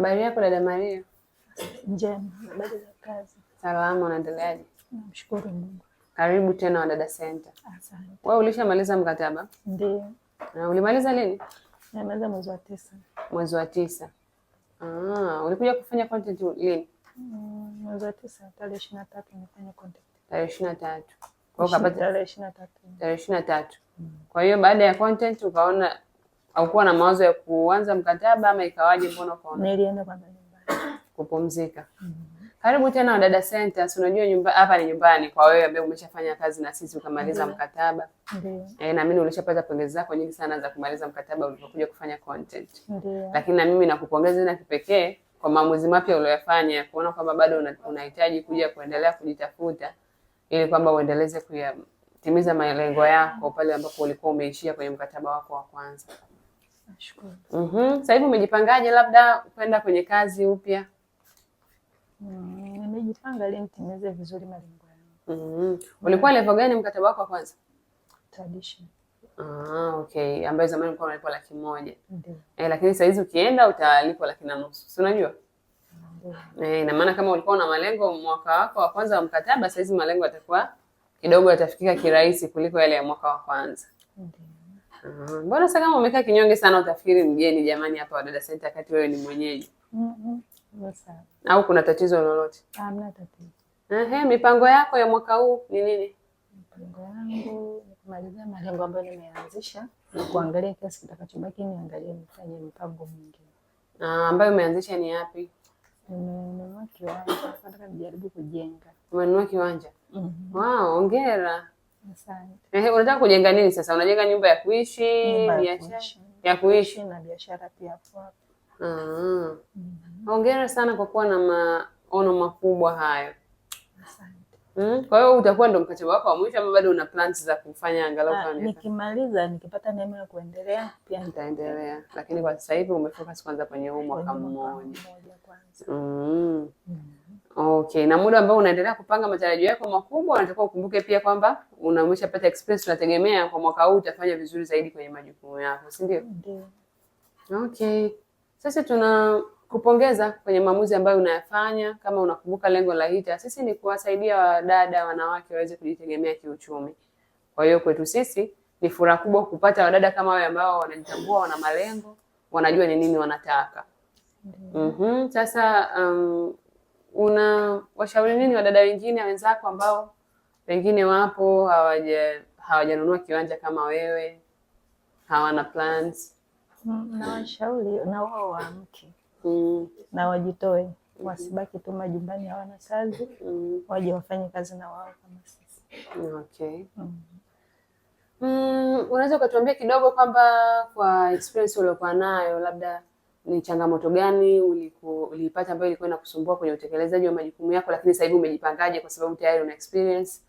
Habari yako dada Maria? Njema. Habari za kazi? Salama, unaendeleaje? Namshukuru Mungu. Karibu tena Wadada Center. Asante. Wewe ulishamaliza mkataba? Ndio. Na ulimaliza lini? Nimaliza mwezi wa tisa. Mwezi wa tisa. Ah, ulikuja kufanya content lini? Mm, mwezi wa tisa tarehe ishirini na tatu nimefanya content. Tarehe ishirini na tatu. Tarehe ishirini na tatu. Tarehe ishirini na tatu. Kwa hiyo baada ya content ukaona Haukuwa na mawazo ya kuanza mkataba ama ikawaje? Mbona ukaona? Nilienda kwanza nyumbani kupumzika. mm -hmm. Karibu tena Wadada Centers. Unajua nyumba hapa ni nyumbani kwa wewe ambaye umeshafanya kazi na sisi ukamaliza mm -hmm. mkataba Ndio. -hmm. E, na mimi ulishapata pongezi zako nyingi sana za kumaliza mkataba ulipokuja kufanya content mm -hmm. Lakini na mimi nakupongeza na kipekee kwa maamuzi mapya uliyofanya kuona kwamba bado unahitaji una kuja kuendelea kujitafuta ili kwamba uendeleze kuyatimiza malengo yako pale ambapo ulikuwa umeishia kwenye mkataba wako wa kwanza. Nashukuru. Mhm. Sasa hivi umejipangaje labda kwenda kwenye kazi upya? Mm, Nimejipanga ili nitimize vizuri malengo yangu. Mhm. Ulikuwa level gani mkataba wako wa kwanza? Tradition. Ah, okay. Ambayo zamani ulikuwa unalipwa laki moja. Ndio. Eh, lakini sasa hizi ukienda utalipwa laki na nusu. Si unajua? Eh, ina maana kama ulikuwa una malengo mwaka wako wa kwanza wa mkataba, sasa hizi malengo yatakuwa kidogo yatafikika kirahisi kuliko yale ya mwaka wa kwanza. Ndio. Ah, mbona sasa kama umekaa kinyonge sana utafikiri mgeni jamani hapa Wadada Center wakati wewe ni mwenyeji? Mhm. Mm -hmm. Au kuna tatizo lolote? Ah, hamna tatizo. Ehe, mipango yako ya mwaka huu ni nini? Mipango yangu ni kumaliza malengo ambayo nimeanzisha na kuangalia kiasi kitakachobaki niangalie nifanye mipango mingine. Ah, ambayo umeanzisha ni yapi? Nimenunua kiwanja, nataka nijaribu kujenga. Umenunua kiwanja? Mm Wow, hongera. Asante. Unataka kujenga nini sasa? Unajenga nyumba ya kuishi, biashara ya kuishi na biashara pia hapo hapo. Mm. Hongera sana kwa kuwa na maono makubwa hayo. Asante. Hmm? Kwa hiyo utakuwa ndo mkataba wako wa mwisho ama bado una plans za kufanya angalau ah, kwa miaka? Nikimaliza nikipata neema ya kuendelea pia nitaendelea. Lakini kwa sasa hivi umefocus kwanza kwenye huu mwaka mmoja. Mm. Okay, na muda ambao unaendelea kupanga matarajio yako makubwa, unatakiwa ukumbuke pia kwamba unamwisha pata experience, unategemea kwa mwaka huu utafanya vizuri zaidi kwenye majukumu yako, si ndio? Ndio. Okay. Sasa tuna kupongeza kwenye maamuzi ambayo unayafanya. Kama unakumbuka lengo la hii taasisi ni kuwasaidia wadada wanawake waweze kujitegemea kiuchumi. Kwa hiyo kwetu sisi ni furaha kubwa kupata wadada kama wale ambao wanajitambua, wana malengo, wanajua ni nini wanataka. Mm -hmm. Sasa um, una washauri nini wadada wengine wenzako ambao pengine wapo hawaja hawajanunua kiwanja kama wewe, hawana plans? Na washauri na wao waamke Mm-hmm. na wajitoe mm wasibaki tu majumbani hawana kazi mm. waje wafanye kazi na wao kama sisi. Okay. mm. Mm, unaweza ukatuambia kidogo kwamba kwa experience uliokuwa nayo labda ni changamoto gani uliipata ambayo ilikuwa inakusumbua kwenye utekelezaji wa majukumu yako, lakini sasa hivi umejipangaje? Kwa sababu tayari una experience,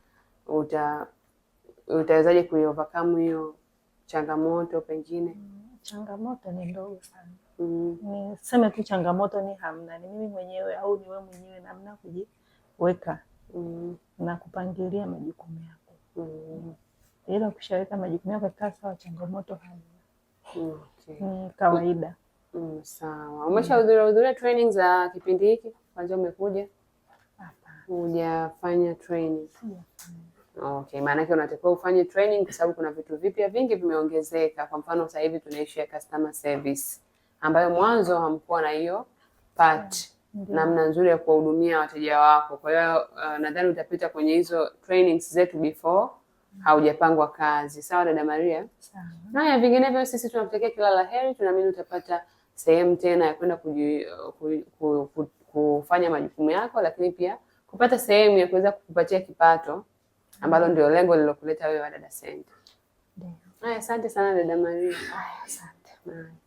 uta utawezaje kuiovercome hiyo changamoto? Pengine mm, changamoto ni ndogo sana mm Niseme tu changamoto ni hamna, ni mimi mwenyewe au ni wewe mwenyewe, namna kujiweka mm na kupangilia majukumu yako mm ila kushaweka majukumu yako kaa sawa, changamoto hamna okay. mm, kawaida mm, sawa. Umeshahudhuria hudhuria training za kipindi hiki kwanza, umekuja hujafanya training? Okay, maanake unatakiwa ufanye training kwa sababu kuna vitu vipya vingi vimeongezeka. Kwa mfano sasa hivi tuna customer service mm ambayo mwanzo hamkuwa na hiyo part namna nzuri ya kuwahudumia wateja wako. Kwa hiyo uh, nadhani utapita kwenye hizo trainings zetu before mm. haujapangwa kazi. Sawa dada Maria? Sawa. Naya, vinginevyo sisi tunakutakia kila la heri, tunaamini utapata sehemu tena ya kwenda uh, kufanya majukumu yako, lakini pia kupata sehemu ya kuweza kukupatia kipato ambalo ndio lengo lilokuleta wewe Wadada Center. Haya, asante sana dada Maria. Asante.